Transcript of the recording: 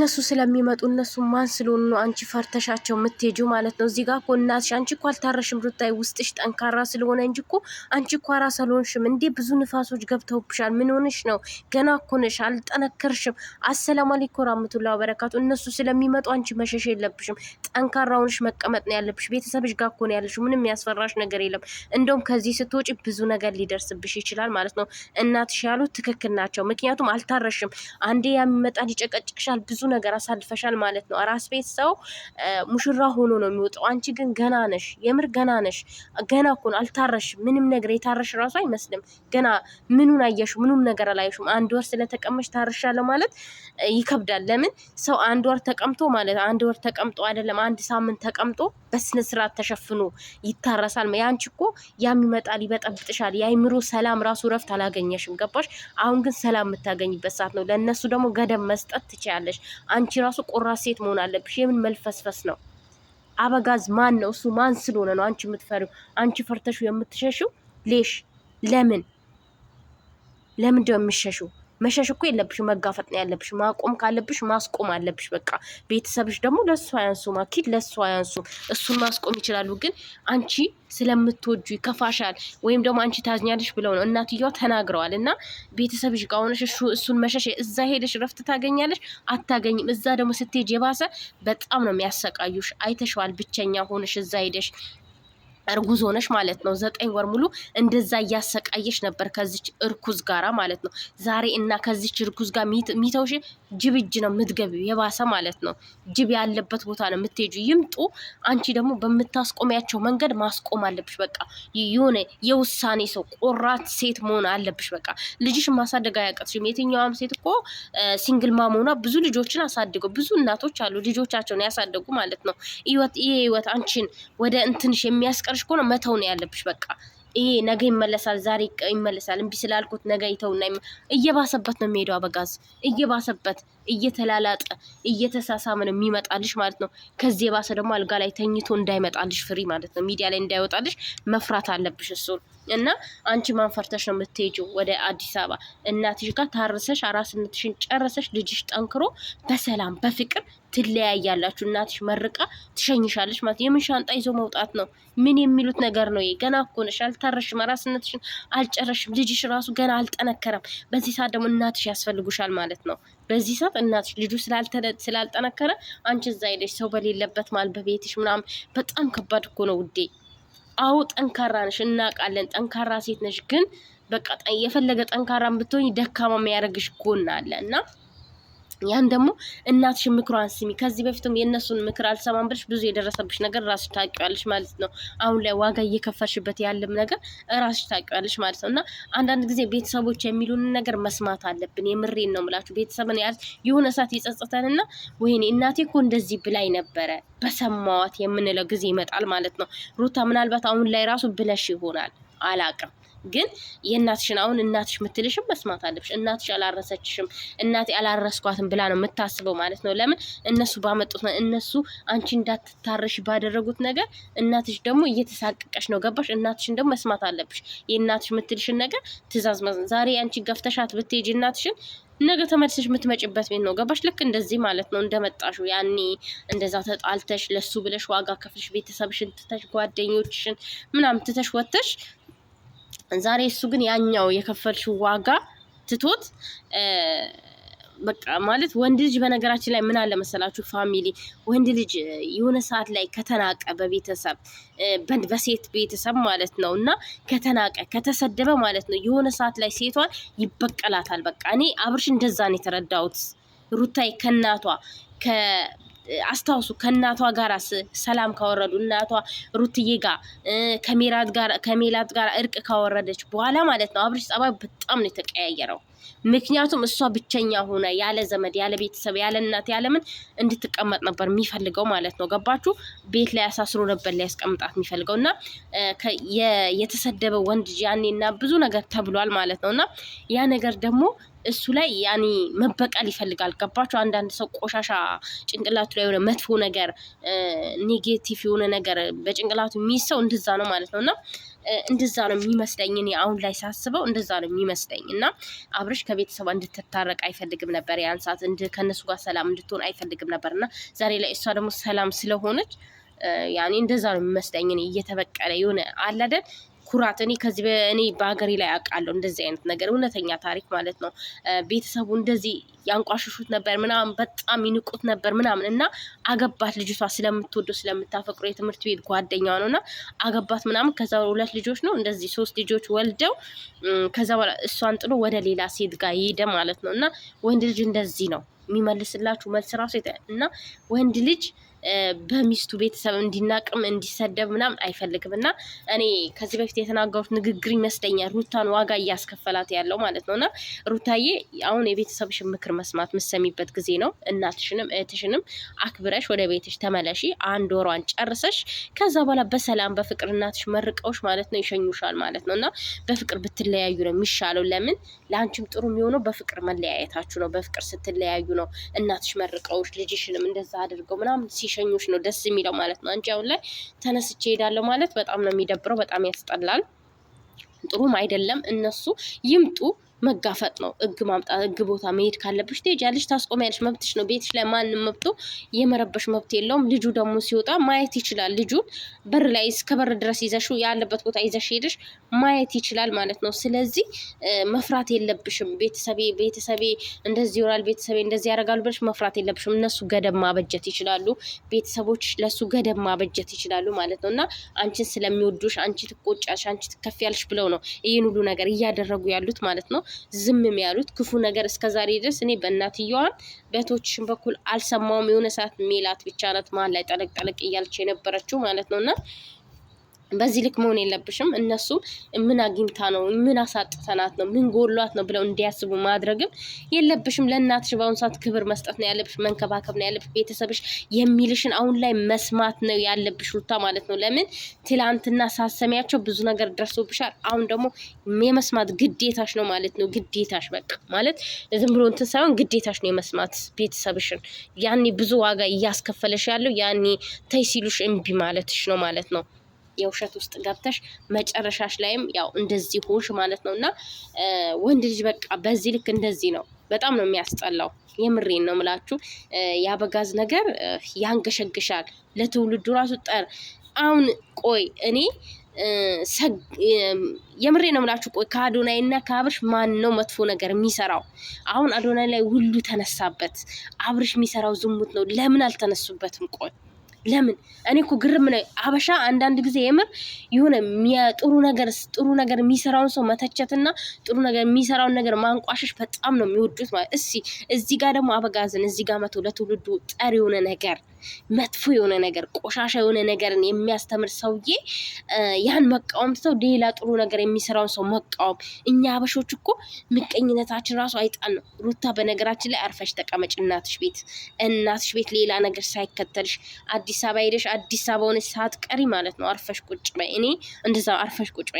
እነሱ ስለሚመጡ እነሱ ማን ስለሆኑ ነው አንቺ ፈርተሻቸው የምትሄጂው ማለት ነው። እዚህ ጋር እኮ እናትሽ አንቺ እኮ አልታረሽም ሩታይ፣ ውስጥሽ ጠንካራ ስለሆነ እንጂ እኮ አንቺ እኮ ራስ አልሆንሽም እንዴ። ብዙ ንፋሶች ገብተውብሻል። ምን ሆንሽ ነው? ገና እኮ ነሽ፣ አልጠነከርሽም። አሰላሙ አለይኩም ወራህመቱላ ወበረካቱ። እነሱ ስለሚመጡ አንቺ መሸሽ የለብሽም። ጠንካራ ሆንሽ መቀመጥ ነው ያለብሽ። ቤተሰብሽ ጋር እኮ ነው ያለሽው። ምንም ያስፈራሽ ነገር የለም። እንደውም ከዚህ ስትወጪ ብዙ ነገር ሊደርስብሽ ይችላል ማለት ነው። እናትሽ ያሉት ትክክል ናቸው። ምክንያቱም አልታረሽም። አንዴ ያሚመጣል፣ ይጨቀጭቅሻል ብዙ ነገር አሳልፈሻል ማለት ነው። ራስ ቤት ሰው ሙሽራ ሆኖ ነው የሚወጣው። አንቺ ግን ገና ነሽ፣ የምር ገና ነሽ። ገና እኮ አልታረሽ፣ ምንም ነገር የታረሽ ራሱ አይመስልም። ገና ምኑን አየሽ? ምኑም ነገር አላየሽም። አንድ ወር ስለተቀመሽ ታርሻለሁ ማለት ይከብዳል። ለምን ሰው አንድ ወር ተቀምጦ ማለት አንድ ወር ተቀምጦ አይደለም አንድ ሳምንት ተቀምጦ በስነስርዓት ተሸፍኖ ይታረሳል። ያንቺ እኮ ያም ይመጣል፣ ይበጠብጥሻል። የአይምሮ ሰላም ራሱ ረፍት አላገኘሽም። ገባሽ? አሁን ግን ሰላም የምታገኝበት ሰዓት ነው። ለእነሱ ደግሞ ገደብ መስጠት ትችያለሽ። አንቺ ራሱ ቆራት ሴት መሆን አለብሽ። የምን መልፈስፈስ ነው? አበጋዝ ማን ነው? እሱ ማን ስለሆነ ነው አንቺ የምትፈሪው? አንቺ ፈርተሽው የምትሸሽው ሌሽ ለምን ለምን ነው የምትሸሽው? መሸሽ እኮ የለብሽ፣ መጋፈጥ ነው ያለብሽ። ማቆም ካለብሽ ማስቆም አለብሽ። በቃ ቤተሰብሽ ደግሞ ለሱ አያንሱ ማኪድ ለሱ አያንሱ። እሱን ማስቆም ይችላሉ። ግን አንቺ ስለምትወጁ ይከፋሻል፣ ወይም ደግሞ አንቺ ታዝኛለሽ ብለው ነው እናትየዋ ተናግረዋል። እና ቤተሰብሽ ጋር ሆነሽ እሱን መሸሽ፣ እዛ ሄደሽ ረፍት ታገኛለሽ አታገኝም። እዛ ደግሞ ስትሄጅ የባሰ በጣም ነው የሚያሰቃዩሽ። አይተሸዋል፣ ብቸኛ ሆነሽ እዛ ሄደሽ እርጉዝ ሆነሽ ማለት ነው። ዘጠኝ ወር ሙሉ እንደዛ እያሰቃየሽ ነበር ከዚች እርኩዝ ጋራ ማለት ነው። ዛሬ እና ከዚች እርኩዝ ጋር ሚተውሽ ጅብ እጅ ነው የምትገቢው፣ የባሰ ማለት ነው። ጅብ ያለበት ቦታ ነው የምትሄጁ። ይምጡ። አንቺ ደግሞ በምታስቆሚያቸው መንገድ ማስቆም አለብሽ። በቃ የሆነ የውሳኔ ሰው ቆራት ሴት መሆን አለብሽ። በቃ ልጅሽን ማሳደግ አያቀትሽም። የትኛዋም ሴት እኮ ሲንግል ማም ሆና ብዙ ልጆችን አሳድገው ብዙ እናቶች አሉ ልጆቻቸውን ያሳደጉ ማለት ነው። ይህ ህይወት አንቺን ወደ እንትንሽ የሚያስቀ ካፈቀርሽ ከሆነ መተው ነው ያለብሽ። በቃ ይሄ ነገ ይመለሳል፣ ዛሬ ይመለሳል፣ እምቢ ስላልኩት ነገ ይተውና እየባሰበት ነው የሚሄደው አበጋዝ እየባሰበት እየተላላጠ እየተሳሳመ ነው የሚመጣልሽ ማለት ነው። ከዚህ የባሰ ደግሞ አልጋ ላይ ተኝቶ እንዳይመጣልሽ ፍሪ ማለት ነው። ሚዲያ ላይ እንዳይወጣልሽ መፍራት አለብሽ እሱን እና አንቺ ማንፈርተሽ ነው የምትሄጂው ወደ አዲስ አበባ እናትሽ ጋር ታርሰሽ አራስነትሽን ጨረሰሽ ልጅሽ ጠንክሮ በሰላም በፍቅር ትለያያላችሁ። እናትሽ መርቃ ትሸኝሻለች ማለት የምን ሻንጣ ይዞ መውጣት ነው? ምን የሚሉት ነገር ነው? ገና እኮ ነሽ፣ አልታረሽም፣ አራስነትሽን አልጨረሽም። ልጅሽ ራሱ ገና አልጠነከረም። በዚህ ሰዓት ደግሞ እናትሽ ያስፈልጉሻል ማለት ነው። በዚህ ሰዓት እናትሽ ልጁ ስላልጠነከረ አንቺ እዛ ሄደሽ ሰው በሌለበት ማል በቤትሽ ምናምን በጣም ከባድ እኮ ነው ውዴ። አዎ ጠንካራ ነሽ፣ እናውቃለን። ጠንካራ ሴት ነሽ። ግን በቃ የፈለገ ጠንካራ ብትሆኝ ደካማ የሚያደርግሽ ጎን አለ እና ያን ደግሞ እናትሽ ምክሯን ስሚ። ከዚህ በፊትም የእነሱን ምክር አልሰማም ብለሽ ብዙ የደረሰብሽ ነገር ራስሽ ታውቂዋለሽ ማለት ነው። አሁን ላይ ዋጋ እየከፈልሽበት ያለም ነገር ራስሽ ታውቂዋለሽ ማለት ነው። እና አንዳንድ ጊዜ ቤተሰቦች የሚሉን ነገር መስማት አለብን። የምሬን ነው የምላችሁ። ቤተሰብን ያ የሆነ ሰዓት ይጸጽተንና ወይኔ እናቴ እኮ እንደዚህ ብላኝ ነበረ በሰማዋት የምንለው ጊዜ ይመጣል ማለት ነው። ሩታ ምናልባት አሁን ላይ ራሱ ብለሽ ይሆናል አላቅም ግን የእናትሽን አሁን እናትሽ ምትልሽም መስማት አለብሽ። እናትሽ አላረሰችሽም፣ እናቴ አላረስኳትም ብላ ነው የምታስበው ማለት ነው። ለምን እነሱ ባመጡት እነሱ አንቺ እንዳትታረሽ ባደረጉት ነገር እናትሽ ደግሞ እየተሳቀቀች ነው። ገባሽ? እናትሽን ደግሞ መስማት አለብሽ። የእናትሽ ምትልሽን ነገር ትእዛዝ ዛሬ አንቺ ገፍተሻት ብትሄጅ እናትሽን ነገ ተመልሰሽ የምትመጭበት ቤት ነው። ገባሽ? ልክ እንደዚህ ማለት ነው። እንደመጣሹ ያኔ እንደዛ ተጣልተሽ ለሱ ብለሽ ዋጋ ከፍልሽ ቤተሰብሽን ትተሽ ጓደኞችሽን ምናምን ትተሽ ወተሽ ዛሬ እሱ ግን ያኛው የከፈልሽው ዋጋ ትቶት በቃ ማለት ወንድ ልጅ በነገራችን ላይ ምን አለ መሰላችሁ ፋሚሊ ወንድ ልጅ የሆነ ሰዓት ላይ ከተናቀ በቤተሰብ በሴት ቤተሰብ ማለት ነው እና ከተናቀ ከተሰደበ ማለት ነው የሆነ ሰዓት ላይ ሴቷን ይበቀላታል በቃ እኔ አብርሽ እንደዛ ነው የተረዳሁት ሩታይ ከእናቷ አስታውሱ ከእናቷ ጋር ሰላም ካወረዱ እናቷ ሩትዬ ጋር ከሜላት ጋር እርቅ ካወረደች በኋላ ማለት ነው አብርሽ ጸባይ በጣም ነው የተቀያየረው። ምክንያቱም እሷ ብቸኛ ሆነ ያለ ዘመድ ያለ ቤተሰብ ያለ እናት ያለምን እንድትቀመጥ ነበር የሚፈልገው ማለት ነው። ገባችሁ? ቤት ላይ አሳስሮ ነበር ሊያስቀምጣት የሚፈልገው እና የተሰደበ ወንድ ያኔና ብዙ ነገር ተብሏል ማለት ነው እና ያ ነገር ደግሞ እሱ ላይ ያኔ መበቀል ይፈልጋል። ገባችሁ? አንዳንድ ሰው ቆሻሻ ጭንቅላቱ ላይ የሆነ መጥፎ ነገር ኔጌቲቭ የሆነ ነገር በጭንቅላቱ የሚይዝ ሰው እንደዛ ነው ማለት ነው እና እንደዛ ነው የሚመስለኝ። እኔ አሁን ላይ ሳስበው እንደዛ ነው የሚመስለኝ እና አብርሽ ከቤተሰቧ እንድትታረቅ አይፈልግም ነበር። ያን ሰዓት ከእነሱ ጋር ሰላም እንድትሆን አይፈልግም ነበር እና ዛሬ ላይ እሷ ደግሞ ሰላም ስለሆነች ያኔ እንደዛ ነው የሚመስለኝ እኔ እየተበቀለ የሆነ አላደል ኩራት እኔ ከዚህ እኔ በሀገሬ ላይ አውቃለሁ እንደዚህ አይነት ነገር እውነተኛ ታሪክ ማለት ነው። ቤተሰቡ እንደዚህ ያንቋሽሹት ነበር ምናምን፣ በጣም ይንቁት ነበር ምናምን እና አገባት ልጅቷ ስለምትወደው ስለምታፈቅሮ የትምህርት ቤት ጓደኛ ነው እና አገባት ምናምን። ከዛ ሁለት ልጆች ነው እንደዚህ ሶስት ልጆች ወልደው ከዛ በኋላ እሷን ጥሎ ወደ ሌላ ሴት ጋር ሄደ ማለት ነው እና ወንድ ልጅ እንደዚህ ነው። የሚመልስላችሁ መልስ ራሱ እና ወንድ ልጅ በሚስቱ ቤተሰብ እንዲናቅም እንዲሰደብ ምናምን አይፈልግም። እና እኔ ከዚህ በፊት የተናገሩት ንግግር ይመስለኛል ሩታን ዋጋ እያስከፈላት ያለው ማለት ነው። እና ሩታዬ አሁን የቤተሰብሽን ምክር መስማት ምሰሚበት ጊዜ ነው። እናትሽንም እህትሽንም አክብረሽ ወደ ቤትሽ ተመለሺ። አንድ ወሯን ጨርሰሽ ከዛ በኋላ በሰላም በፍቅር እናትሽ መርቀውሽ ማለት ነው ይሸኙሻል ማለት ነው። እና በፍቅር ብትለያዩ ነው የሚሻለው። ለምን ለአንቺም ጥሩ የሚሆነው በፍቅር መለያየታችሁ ነው። በፍቅር ስትለያዩ ነው ነው እናትሽ መርቀውሽ ልጅሽንም እንደዛ አድርገው ምናምን ሲሸኙሽ ነው ደስ የሚለው ማለት ነው። አንቺ አሁን ላይ ተነስቼ ሄዳለሁ ማለት በጣም ነው የሚደብረው፣ በጣም ያስጠላል፣ ጥሩም አይደለም። እነሱ ይምጡ መጋፈጥ ነው። ህግ ማምጣት ህግ ቦታ መሄድ ካለብሽ ትሄጃለሽ፣ ታስቆሚያለሽ፣ መብትሽ ነው። ቤትሽ ላይ ማንም መብቶ የመረበሽ መብት የለውም። ልጁ ደግሞ ሲወጣ ማየት ይችላል። ልጁን በር ላይ እስከ በር ድረስ ይዘሽ ያለበት ቦታ ይዘሽ ሄደሽ ማየት ይችላል ማለት ነው። ስለዚህ መፍራት የለብሽም። ቤተሰቤ ቤተሰቤ እንደዚህ ይወራል፣ ቤተሰቤ እንደዚህ ያደርጋሉ ብለሽ መፍራት የለብሽም። እነሱ ገደብ ማበጀት ይችላሉ። ቤተሰቦች ለሱ ገደብ ማበጀት ይችላሉ ማለት ነው እና አንቺን ስለሚወዱሽ አንቺ ትቆጫሽ፣ አንቺ ትከፍያለሽ ብለው ነው ይህን ሁሉ ነገር እያደረጉ ያሉት ማለት ነው። ዝምም ያሉት ክፉ ነገር እስከዛሬ ድረስ እኔ በእናትየዋም በቶችን በኩል አልሰማውም። የሆነ ሰዓት ሜላት ብቻ ናት መሀል ላይ ጠለቅ ጠለቅ እያለች የነበረችው ማለት ነው እና በዚህ ልክ መሆን የለብሽም። እነሱ ምን አግኝታ ነው ምን አሳጥተናት ነው ምን ጎሏት ነው ብለው እንዲያስቡ ማድረግም የለብሽም። ለእናትሽ በአሁኑ ሰዓት ክብር መስጠት ነው ያለብሽ፣ መንከባከብ ነው ያለብሽ። ቤተሰብሽ የሚልሽን አሁን ላይ መስማት ነው ያለብሽ ሩታ ማለት ነው። ለምን ትላንትና ሳሰሚያቸው ብዙ ነገር ደርሶብሻል። አሁን ደግሞ የመስማት ግዴታሽ ነው ማለት ነው። ግዴታሽ በቃ ማለት ዝም ብሎ እንትን ሳይሆን ግዴታሽ ነው የመስማት ቤተሰብሽን። ያኔ ብዙ ዋጋ እያስከፈለሽ ያለው ያኔ ተይ ሲሉሽ እምቢ ማለትሽ ነው ማለት ነው። የውሸት ውስጥ ገብተሽ መጨረሻሽ ላይም ያው እንደዚህ ሆንሽ ማለት ነው። እና ወንድ ልጅ በቃ በዚህ ልክ እንደዚህ ነው። በጣም ነው የሚያስጠላው። የምሬን ነው ምላችሁ። የአበጋዝ ነገር ያንገሸግሻል። ለትውልዱ ራሱ ጠር አሁን ቆይ እኔ የምሬ ነው ምላችሁ። ቆይ ከአዶናይ እና ከአብርሽ ማን ነው መጥፎ ነገር የሚሰራው? አሁን አዶናይ ላይ ሁሉ ተነሳበት። አብርሽ የሚሰራው ዝሙት ነው። ለምን አልተነሱበትም? ቆይ ለምን እኔ እኮ ግርም ነው አበሻ አንዳንድ ጊዜ የምር የሆነ ጥሩ ነገር ጥሩ ነገር የሚሰራውን ሰው መተቸትና ጥሩ ነገር የሚሰራውን ነገር ማንቋሸሽ በጣም ነው የሚወዱት ማለት እሲ እዚህ ጋር ደግሞ አበጋዝን እዚህ ጋር መቶ ለትውልዱ ጠር የሆነ ነገር መጥፎ የሆነ ነገር ቆሻሻ የሆነ ነገርን የሚያስተምር ሰውዬ ያን መቃወም ትተው ሌላ ጥሩ ነገር የሚሰራውን ሰው መቃወም። እኛ አበሾች እኮ ምቀኝነታችን ራሱ አይጣን ነው። ሩታ በነገራችን ላይ አርፈሽ ተቀመጭ እናትሽ ቤት እናትሽ ቤት ሌላ ነገር ሳይከተልሽ አዲስ አዲስ አበባ ሄደሽ አዲስ አበባውን ሳትቀሪ ማለት ነው አርፈሽ ቁጭ በይ። እኔ እንደዛ አርፈሽ ቁጭ